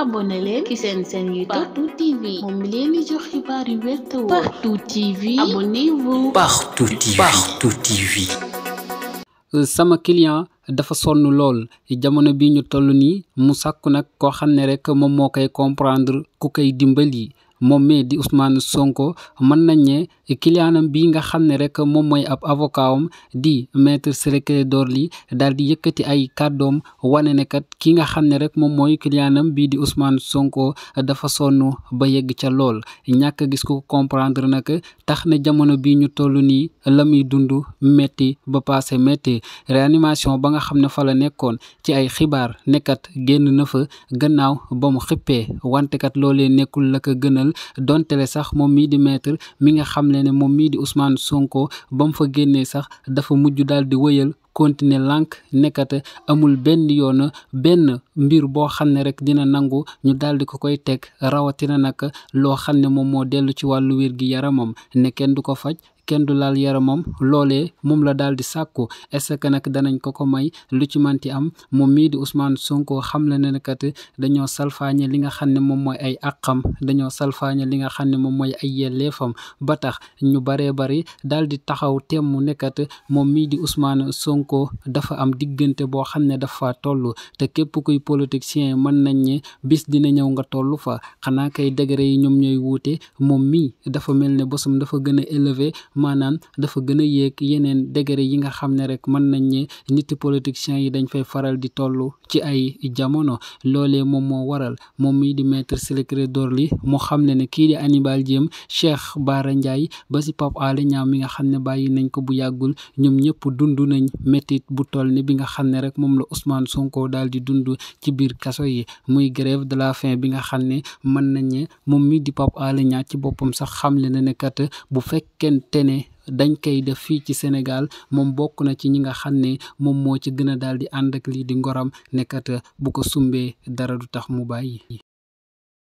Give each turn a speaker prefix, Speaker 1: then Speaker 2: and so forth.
Speaker 1: abonné leen ci seen sama client dafa sonn lool jamono bi ñu toll nii mu sàkku nag koo xam ne rekk moom moo koy comprendre ku koy dimbali moom mii di Ousmane Sonko mën nañ ne kiliyaanam bi nga xam ne rek moom mooy ab avocat di maître Ciré door li daal di yëkkati ay kàddoom wane ne kat ki nga xam ne rek moom mooy kiliyaanam bii di Ousmane Sonko dafa sonn ba yegg ca lool ñàkk a gis ko comprendre nag tax na jamono bi ñu toll nii la muy dund metti ba paase metti réanimation ba nga xam ne fa la nekkoon ci ay xibaar nekkat génn na fa gannaaw ba mu xippee wante kat loolee nekkul yoon dontele sax moom mii di maître mi nga xam ne ne moom mii di Ousmane Sonko ba mu fa génnee sax dafa mujj daal di woyal continuer lànk nekkate amul benn yoon benn mbir boo xam ne rek dina nangu ñu daal di ko koy teg rawatina nag loo xam ne moom moo dellu ci wàllu wér gi yaramam ne kenn du ko faj kenn du laal yaramam loolee moom la daal di sàkku est-ce que nag danañ ko ko may lu ci manti am moom mii di Ousmane Sonko xam la ne kat dañoo salfaañe li nga xam ne moom mooy ay àqam dañoo salfaañe li nga xam ne moom mooy ay yelleefam ba Sonko dafa am diggante boo xam ne dafa toll te képp kuy politicien mën nañ ne bis dina ñëw nga toll fa xanaa kay degré yi ñoom ñooy wuute moom mii dafa mel ne bosum dafa gën a élevé maanaam dafa gën a yéeg yeneen degré yi nga xam ne rek mën nañ ne niti politiciens yi dañ fay faral di toll ci ay jamono loole moom moo waral moom mii di maître Ciré Dorly mu xam ne ne kii di Hannibal Djim Cheikh Bara Ndiaye ba si Pape Alé Niang mi nga xam ne bàyyi nañ ko bu yàggul métit bu toll ni bi nga xam ne rek moom la Ousmane Sonko daal di dund ci biir kaso yi muy grève de la faim bi nga xam ne mën nañu moom mi di Pape Alé Niang ci boppam sax xamle na ne kat bu fekkente ne dañ koy def fii ci Sénégal moom bokk na ci ñi nga xam ne moom moo ci gën a daal di ànd ak lii di ngoram nekkat bu ko sumbee dara du tax mu bàyyi.